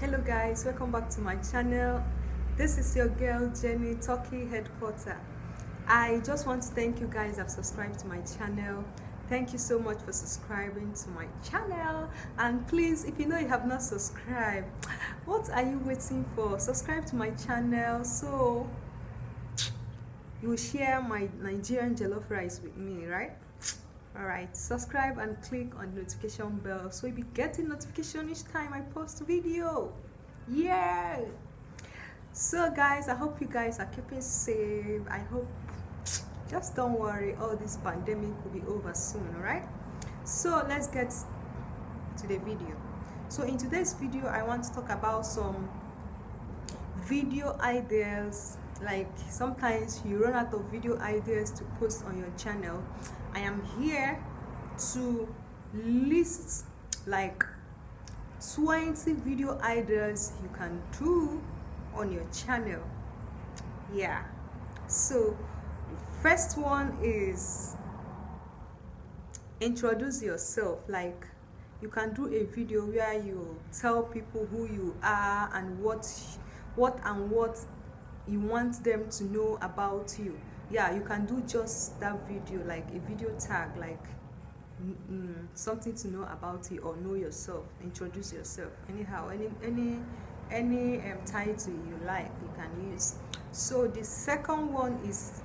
hello guys welcome back to my channel this is your girl Jenny Turkey headquarter I just want to thank you guys have subscribed to my channel thank you so much for subscribing to my channel and please if you know you have not subscribed what are you waiting for subscribe to my channel so you share my Nigerian jollof rice with me right alright subscribe and click on the notification bell so you'll be getting notification each time I post video yeah so guys I hope you guys are keeping safe I hope just don't worry all this pandemic will be over soon alright so let's get to the video so in today's video I want to talk about some video ideas like sometimes you run out of video ideas to post on your channel I am here to list like 20 video ideas you can do on your channel yeah so first one is introduce yourself like you can do a video where you tell people who you are and what what and what you want them to know about you yeah you can do just that video like a video tag like mm, mm, something to know about it or know yourself introduce yourself anyhow any any any um, title you like you can use so the second one is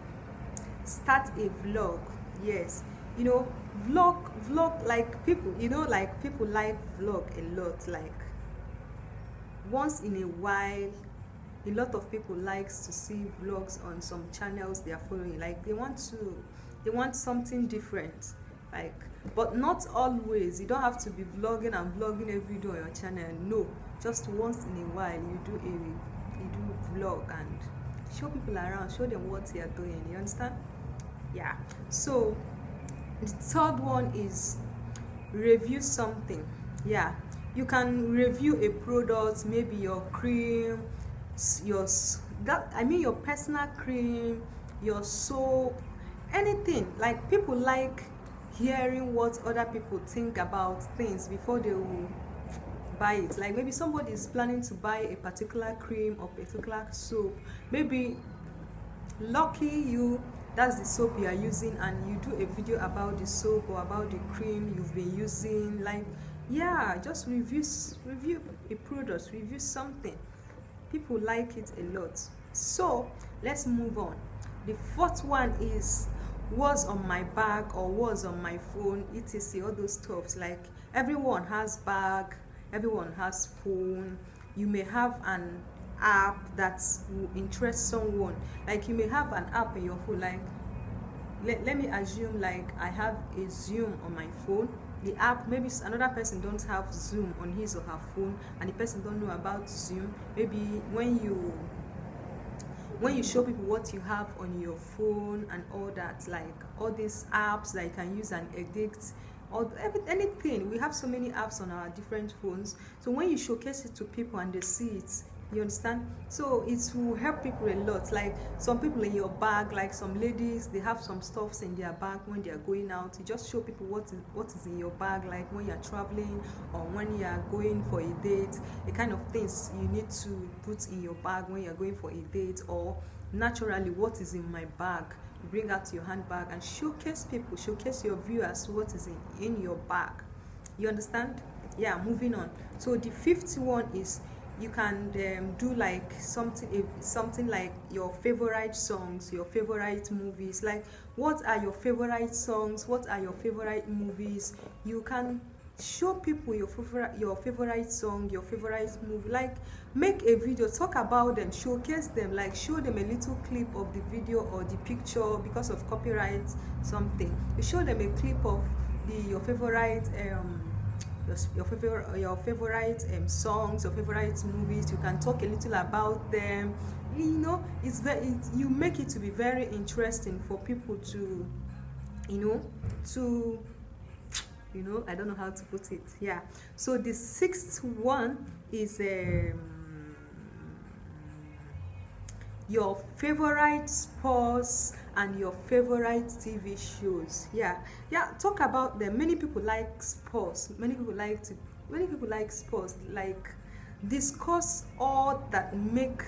start a vlog yes you know vlog vlog like people you know like people like vlog a lot like once in a while a lot of people likes to see vlogs on some channels they are following like they want to they want something different like but not always you don't have to be vlogging and vlogging every day on your channel no just once in a while you do a you do vlog and show people around show them what you are doing you understand yeah so the third one is review something yeah you can review a product maybe your cream your that i mean your personal cream your soap anything like people like hearing what other people think about things before they will buy it like maybe somebody is planning to buy a particular cream or particular soap maybe lucky you that's the soap you are using and you do a video about the soap or about the cream you've been using like yeah just review review a product review something people like it a lot so let's move on the fourth one is what's on my bag or what's on my phone etc all those stuffs like everyone has bag everyone has phone you may have an app that will interest someone like you may have an app in your phone like let, let me assume like i have a zoom on my phone the app maybe another person don't have zoom on his or her phone and the person don't know about zoom maybe when you when you show people what you have on your phone and all that like all these apps that you can use and edit or every, anything we have so many apps on our different phones so when you showcase it to people and they see it you understand so it will help people a lot like some people in your bag like some ladies they have some stuffs in their bag when they are going out you just show people what is what is in your bag like when you are traveling or when you are going for a date the kind of things you need to put in your bag when you are going for a date or naturally what is in my bag bring out your handbag and showcase people showcase your viewers what is in, in your bag you understand yeah moving on so the fifth one is you can um, do like something something like your favorite songs your favorite movies like what are your favorite songs what are your favorite movies you can show people your favorite your favorite song your favorite movie like make a video talk about them showcase them like show them a little clip of the video or the picture because of copyright something you show them a clip of the your favorite um, your, favorite your favorite um, songs, your favorite movies. You can talk a little about them. You know, it's very it, you make it to be very interesting for people to, you know, to, you know, I don't know how to put it. Yeah. So the sixth one is um, your favorite sports and your favorite TV shows. Yeah, yeah. Talk about them. Many people like sports. Many people like to. Many people like sports. Like discuss all that make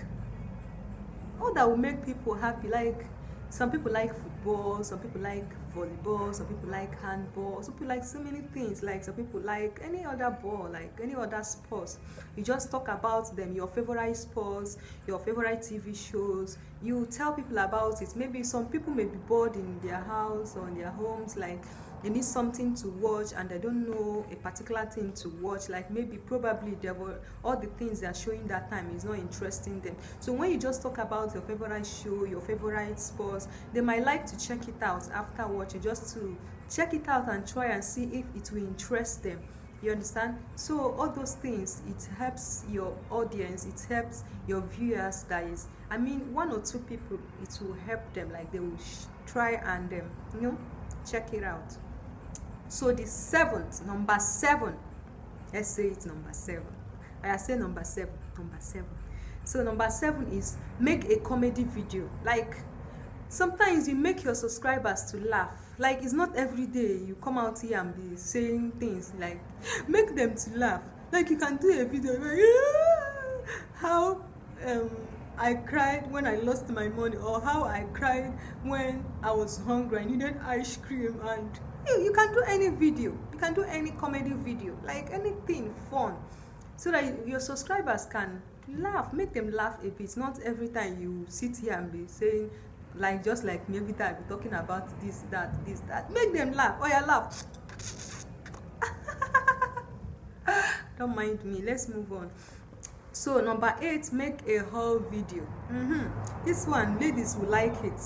all that will make people happy. Like some people like football some people like volleyball some people like handball some people like so many things like some people like any other ball like any other sports you just talk about them your favorite sports your favorite tv shows you tell people about it maybe some people may be bored in their house or in their homes like they need something to watch and they don't know a particular thing to watch like maybe probably there were all the things they are showing that time is not interesting them so when you just talk about your favorite show your favorite sports they might like to check it out after watching just to check it out and try and see if it will interest them you understand so all those things it helps your audience it helps your viewers that is i mean one or two people it will help them like they will try and um, you know check it out So the seventh, number seven. Let's say it's number seven. I say number seven, number seven. So number seven is make a comedy video. Like sometimes you make your subscribers to laugh. Like it's not every day you come out here and be saying things like make them to laugh. Like you can do a video like yeah! how um, I cried when I lost my money or how I cried when I was hungry. I needed ice cream and you, you can do any video you can do any comedy video like anything fun so that your subscribers can laugh make them laugh a bit not every time you sit here and be saying like just like me every time i be talking about this that this that make them laugh oya oh, laugh don't mind me let's move on so number eight make a whole video mm -hmm. this one ladies will like it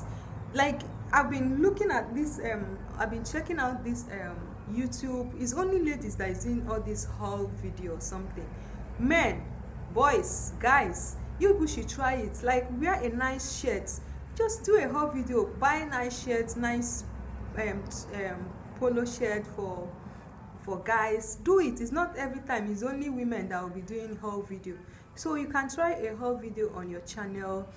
like I've been looking at this, um, I've been checking out this um, YouTube. It's only ladies that is in all this haul video or something. Men, boys, guys, you people should try it. Like wear a nice shirt. Just do a haul video. Buy nice shirts, nice um, um, polo shirt for for guys. Do it. It's not every time. It's only women that will be doing haul video. So you can try a haul video on your channel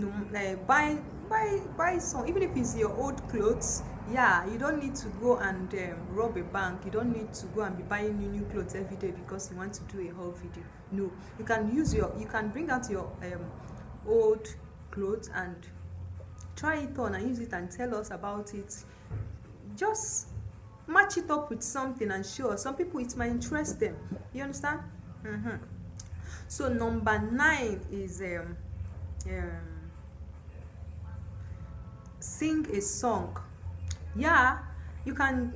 uh, buy buy buy some even if it's your old clothes yeah you don't need to go and um, rob a bank you don't need to go and be buying new new clothes every day because you want to do a whole video no you can use your you can bring out your um, old clothes and try it on and use it and tell us about it just match it up with something and show us some people it might interest them you understand mm-hmm. so number nine is um, um sing a song yeah you can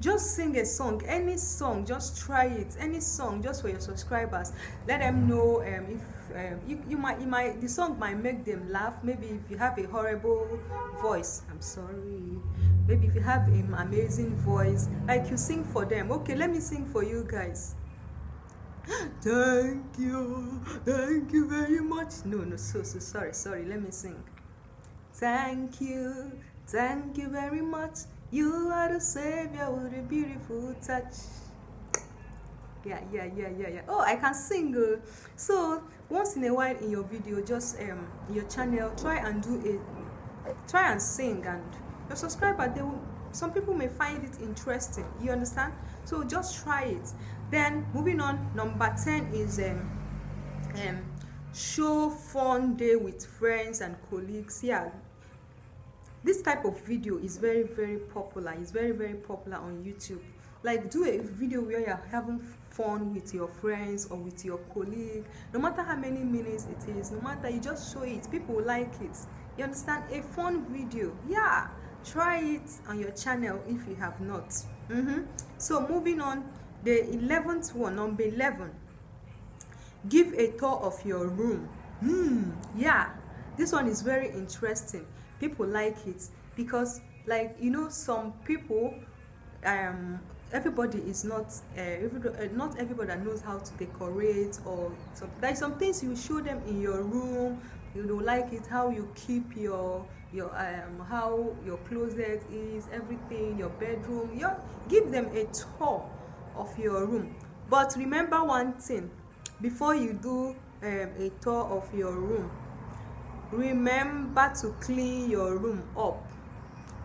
just sing a song any song just try it any song just for your subscribers let them know um, if um, you, you might you might the song might make them laugh maybe if you have a horrible voice i'm sorry maybe if you have an amazing voice like you sing for them okay let me sing for you guys thank you thank you very much no no so so sorry sorry let me sing Thank you, thank you very much. You are the savior with a beautiful touch. Yeah, yeah, yeah, yeah, yeah. Oh, I can sing. Oh. so once in a while in your video, just um your channel, try and do it. Try and sing, and your subscriber they will. Some people may find it interesting. You understand? So just try it. Then moving on, number ten is um um show fun day with friends and colleagues. Yeah, this type of video is very very popular it's very very popular on youtube like do a video where you're having fun with your friends or with your colleague no matter how many minutes it is no matter you just show it people like it you understand a fun video yeah try it on your channel if you have not mm -hmm. so moving on the 11th one number 11 give a tour of your room hmm yeah this one is very interesting people like it because like you know some people um everybody is not uh, uh, not everybody that knows how to decorate or some, like some things you show them in your room you know like it how you keep your your um how your closet is everything your bedroom your give them a tour of your room but remember one thing before you do um, a tour of your room remember to clean your room up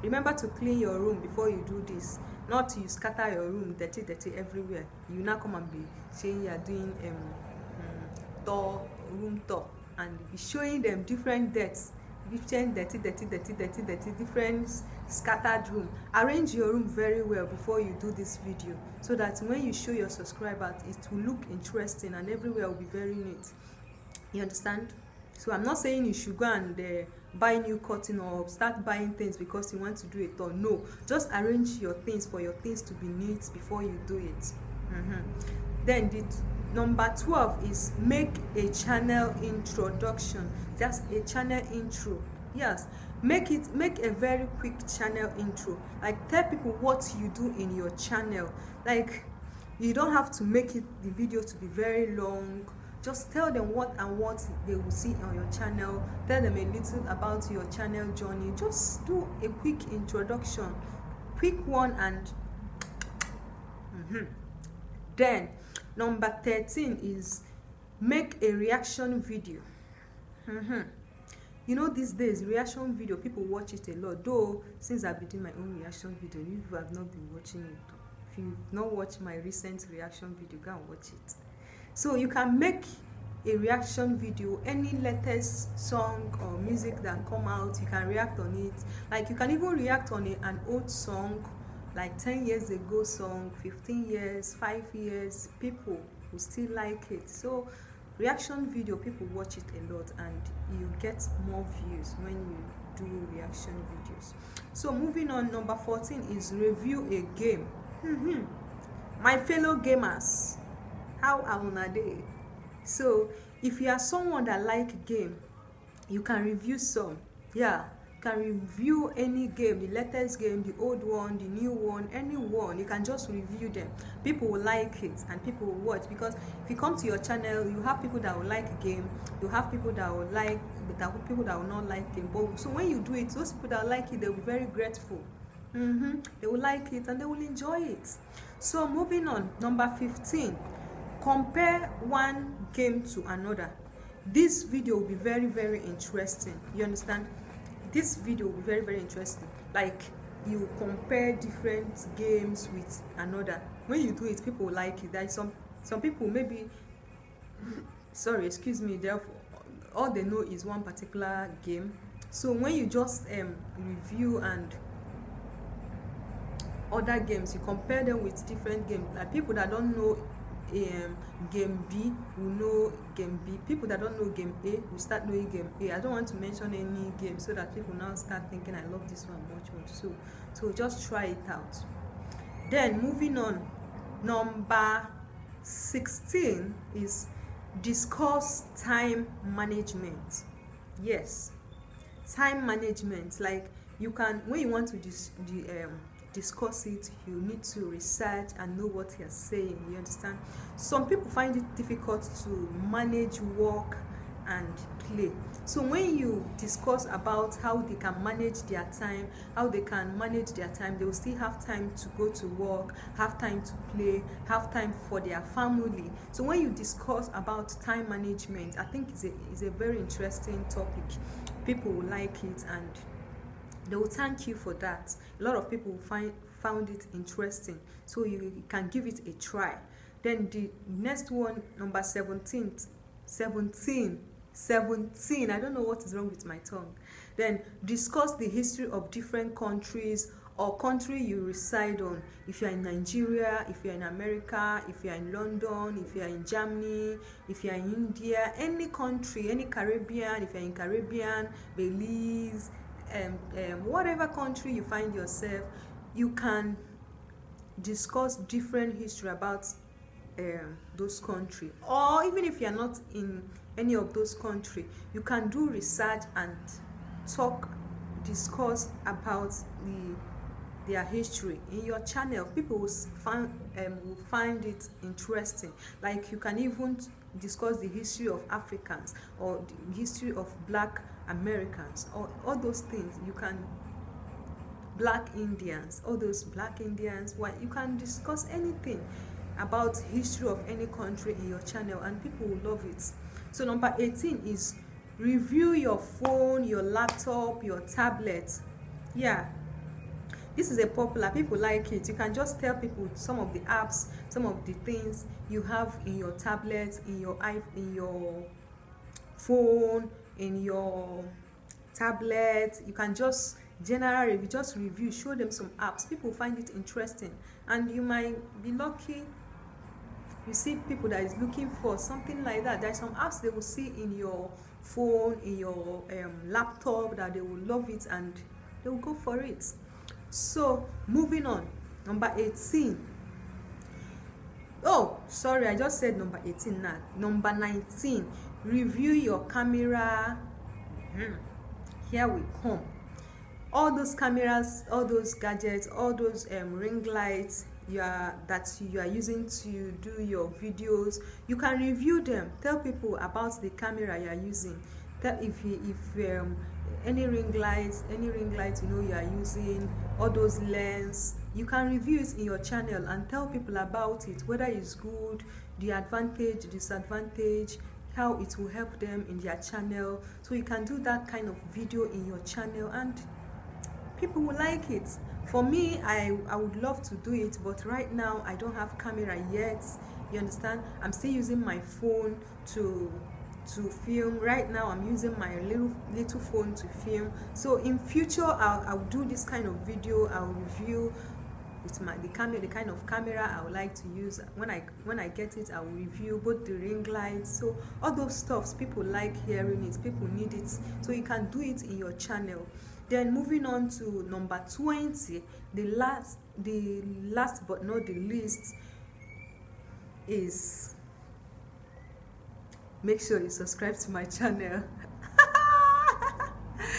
remember to clean your room before you do this not you scatter your room dirty dirty everywhere you now come and be saying you are doing um, um, mm, tour room tour and be showing them different debts different dirty dirty dirty dirty dirty different scattered room arrange your room very well before you do this video so that when you show your subscribers it will look interesting and everywhere will be very neat you understand so i'm not saying you should go and uh, buy new cotton or start buying things because you want to do it or no just arrange your things for your things to be neat before you do it mm-hmm. then the number 12 is make a channel introduction Just a channel intro yes make it make a very quick channel intro like tell people what you do in your channel like you don't have to make it the video to be very long just tell them what and what they will see on your channel tell them a little about your channel journey just do a quick introduction quick one and mm-hmm. then number 13 is make a reaction video mm-hmm. you know these days reaction video people watch it a lot though since i've been doing my own reaction video you have not been watching it if you've not watched my recent reaction video go and watch it so you can make a reaction video any latest song or music that come out you can react on it like you can even react on a, an old song like 10 years ago song 15 years 5 years people will still like it so reaction video people watch it a lot and you get more views when you do reaction videos so moving on number 14 is review a game hmm, hmm. my fellow gamers how are una dey so if you are someone that like game you can review some yeah you can review any game the latest game the old one the new one any one you can just review them people will like it and people will watch because if you come to your channel you have people that will like game you have people that will like that will, people that will not like game but so when you do it those people that like it they will be very grateful mm-hmm. they will like it and they will enjoy it so moving on number 15 compare one game to another this video will be very very interesting you understand this video will be very very interesting like you compare different games with another when you do it people like it like some some people maybe sorry excuse me therefore all they know is one particular game so when you just um, review and other games you compare them with different games like people that don't know um, game B will know game B. People that don't know game A will start knowing game A. I don't want to mention any game so that people now start thinking I love this one much more. So so just try it out. Then moving on, number 16 is discuss time management. Yes, time management. Like you can when you want to dis, the um, discuss it you need to research and know what you're saying you understand some people find it difficult to manage work and play so when you discuss about how they can manage their time how they can manage their time they will still have time to go to work have time to play have time for their family so when you discuss about time management i think it's a, it's a very interesting topic people will like it and they will thank you for that a lot of people find found it interesting so you can give it a try then the next one number 17 17 17 i don't know what is wrong with my tongue then discuss the history of different countries or country you reside on if you are in nigeria if you are in america if you are in london if you are in germany if you are in india any country any caribbean if you are in caribbean belize um, um, whatever country you find yourself, you can discuss different history about um, those country or even if you're not in any of those country you can do research and talk discuss about the their history in your channel people will find um, will find it interesting like you can even discuss the history of africans or the history of black Americans, all, all those things. You can, black Indians, all those black Indians, well, you can discuss anything about history of any country in your channel and people will love it. So number 18 is review your phone, your laptop, your tablet. Yeah, this is a popular people like it you can just tell people some of the apps some of the things you have in your tablet in your i in your phone in your tablet you can just general review just review show them some apps people find it interesting and you might be lucky you see people that is looking for something like that There are some apps they will see in your phone in your um, laptop that they will love it and they will go for it so moving on number 18 oh sorry i just said number eighteen. now number nineteen. review your camera hmm, here we come all those cameras all those gadgets all those um, ring lights you are that you are using to do your videos you can review them tell people about the camera you are using that if if um, any ring lights any ring lights you know you are using all those lens you can review it in your channel and tell people about it whether it's good the advantage disadvantage how it will help them in their channel so you can do that kind of video in your channel and people will like it for me i i would love to do it but right now i don't have camera yet you understand i'm still using my phone to to film right now i'm using my little little phone to film so in future i'll, I'll do this kind of video i'll review with my the camera the kind of camera i would like to use when i when i get it i will review both the ring lights so all those stuffs people like hearing it people need it so you can do it in your channel then moving on to number 20 the last the last but not the least is make sure you subscribe to my channel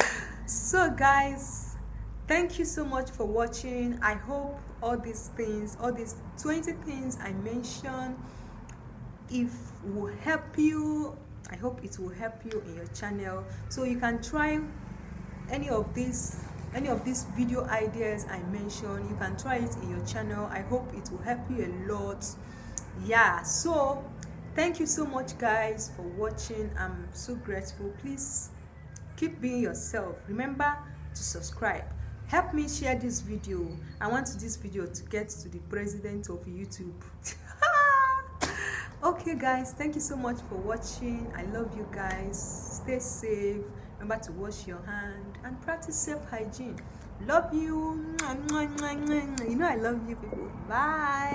so guys thank you so much for watching i hope all these things all these 20 things i mentioned if will help you i hope it will help you in your channel so you can try any of these any of these video ideas i mentioned you can try it in your channel i hope it will help you a lot yeah so thank you so much guys for watching i'm so grateful please keep being yourself remember to subscribe help me share this video i want this video to get to the president of youtube okay guys thank you so much for watching i love you guys stay safe remember to wash your hand and practice safe hygiene love you you know i love you people bye